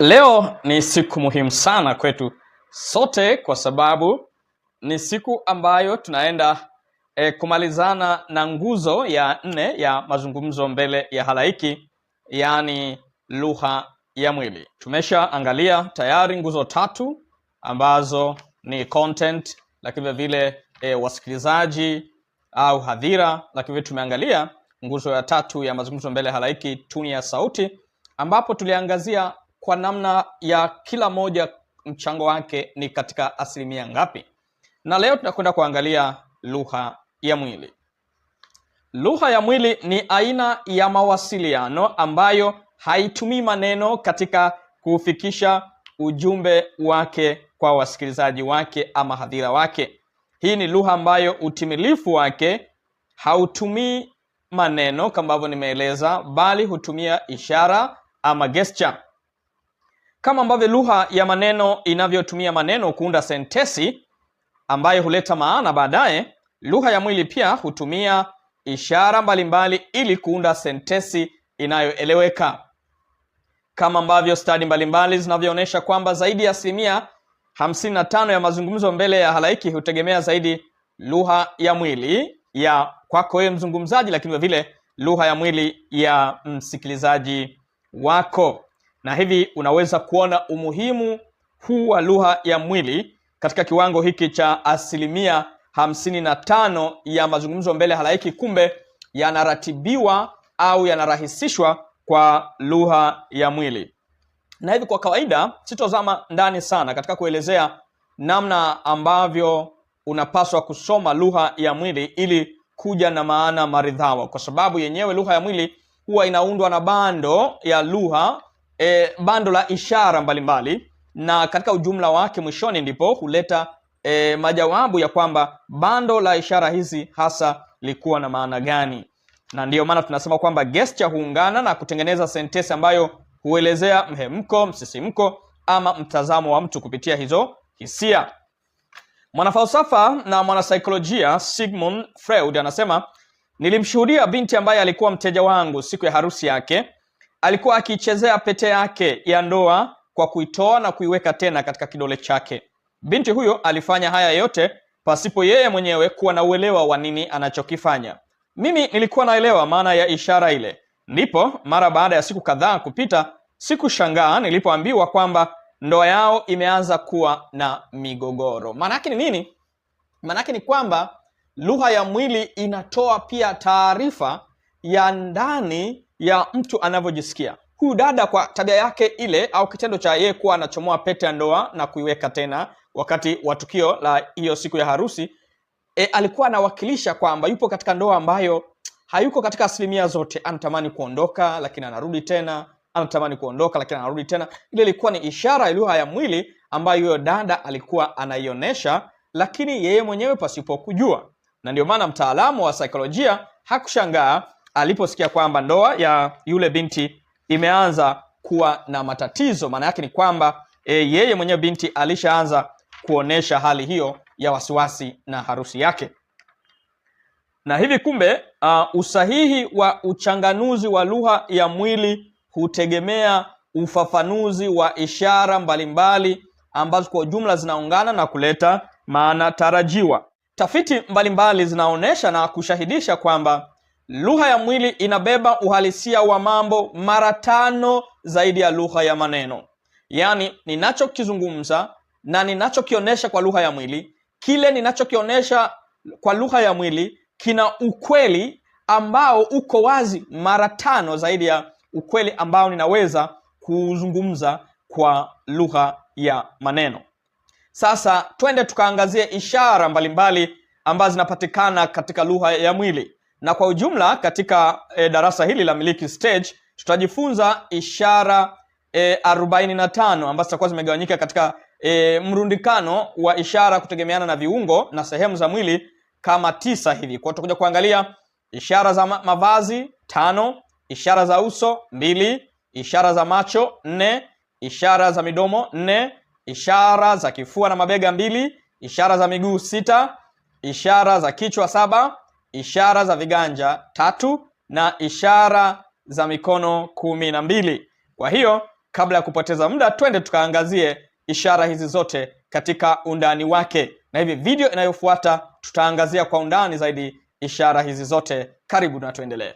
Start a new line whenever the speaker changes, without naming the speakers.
Leo ni siku muhimu sana kwetu sote kwa sababu ni siku ambayo tunaenda e, kumalizana na nguzo ya nne ya mazungumzo mbele ya halaiki, yaani lugha ya mwili. Tumeshaangalia tayari nguzo tatu ambazo ni content, lakini vile vile e, wasikilizaji au hadhira, lakini vile tumeangalia nguzo ya tatu ya mazungumzo mbele ya halaiki, tuni ya sauti, ambapo tuliangazia kwa namna ya kila moja mchango wake ni katika asilimia ngapi. Na leo tunakwenda kuangalia lugha ya mwili. Lugha ya mwili ni aina ya mawasiliano ambayo haitumii maneno katika kufikisha ujumbe wake kwa wasikilizaji wake ama hadhira wake. Hii ni lugha ambayo utimilifu wake hautumii maneno kama ambavyo nimeeleza, bali hutumia ishara ama gesture. Kama ambavyo lugha ya maneno inavyotumia maneno kuunda sentesi ambayo huleta maana baadaye, lugha ya mwili pia hutumia ishara mbalimbali mbali ili kuunda sentesi inayoeleweka, kama ambavyo stadi mbalimbali zinavyoonyesha kwamba zaidi ya asilimia hamsini na tano ya mazungumzo mbele ya halaiki hutegemea zaidi lugha ya mwili ya kwako wewe mzungumzaji, lakini vile lugha ya mwili ya msikilizaji wako na hivi unaweza kuona umuhimu huu wa lugha ya mwili katika kiwango hiki cha asilimia hamsini na tano ya mazungumzo mbele halaiki, kumbe yanaratibiwa au yanarahisishwa kwa lugha ya mwili. Na hivi kwa kawaida, sitozama ndani sana katika kuelezea namna ambavyo unapaswa kusoma lugha ya mwili ili kuja na maana maridhawa, kwa sababu yenyewe lugha ya mwili huwa inaundwa na bando ya lugha e, bando la ishara mbalimbali mbali, na katika ujumla wake mwishoni ndipo huleta e, majawabu ya kwamba bando la ishara hizi hasa likuwa na maana gani, na ndiyo maana tunasema kwamba gesture huungana na kutengeneza sentesi ambayo huelezea mhemko, msisimko ama mtazamo wa mtu kupitia hizo hisia. Mwanafalsafa na mwanasaikolojia Sigmund Freud anasema, nilimshuhudia binti ambaye alikuwa mteja wangu siku ya harusi yake alikuwa akichezea pete yake ya ndoa kwa kuitoa na kuiweka tena katika kidole chake. Binti huyo alifanya haya yote pasipo yeye mwenyewe kuwa na uelewa wa nini anachokifanya. Mimi nilikuwa naelewa maana ya ishara ile, ndipo mara baada ya siku kadhaa kupita sikushangaa nilipoambiwa kwamba ndoa yao imeanza kuwa na migogoro. Maana yake ni nini? Maana yake ni kwamba lugha ya mwili inatoa pia taarifa ya ndani ya mtu anavyojisikia. Huyu dada kwa tabia yake ile au kitendo cha yeye kuwa anachomoa pete ya ndoa na kuiweka tena wakati wa tukio la hiyo siku ya harusi e, alikuwa anawakilisha kwamba yupo katika ndoa ambayo hayuko katika asilimia zote. Anatamani kuondoka lakini anarudi tena, anatamani kuondoka lakini anarudi tena. Ile ilikuwa ni ishara lugha ya mwili ambayo huyo dada alikuwa anaionyesha, lakini yeye mwenyewe pasipo kujua, na ndio maana mtaalamu wa saikolojia hakushangaa aliposikia kwamba ndoa ya yule binti imeanza kuwa na matatizo, maana yake ni kwamba e, yeye mwenyewe binti alishaanza kuonesha hali hiyo ya wasiwasi na harusi yake. Na hivi kumbe, uh, usahihi wa uchanganuzi wa lugha ya mwili hutegemea ufafanuzi wa ishara mbalimbali mbali, ambazo kwa ujumla zinaungana na kuleta maana tarajiwa. Tafiti mbalimbali zinaonyesha zinaonesha na kushahidisha kwamba Lugha ya mwili inabeba uhalisia wa mambo mara tano zaidi ya lugha ya maneno. Yaani, ninachokizungumza na ninachokionyesha kwa lugha ya mwili, kile ninachokionyesha kwa lugha ya mwili kina ukweli ambao uko wazi mara tano zaidi ya ukweli ambao ninaweza kuzungumza kwa lugha ya maneno. Sasa twende tukaangazie ishara mbalimbali ambazo zinapatikana katika lugha ya mwili. Na kwa ujumla katika e, darasa hili la Miliki Stage tutajifunza ishara e, eh, 45 na tano ambazo zitakuwa zimegawanyika katika e, mrundikano wa ishara kutegemeana na viungo na sehemu za mwili kama tisa hivi. Kwa tutakuja kuangalia ishara za mavazi tano, ishara za uso mbili, ishara za macho nne, ishara za midomo nne, ishara za kifua na mabega mbili, ishara za miguu sita, ishara za kichwa saba ishara za viganja tatu na ishara za mikono kumi na mbili. Kwa hiyo kabla ya kupoteza muda, twende tukaangazie ishara hizi zote katika undani wake, na hivi video inayofuata tutaangazia kwa undani zaidi ishara hizi zote. Karibu na tuendelee.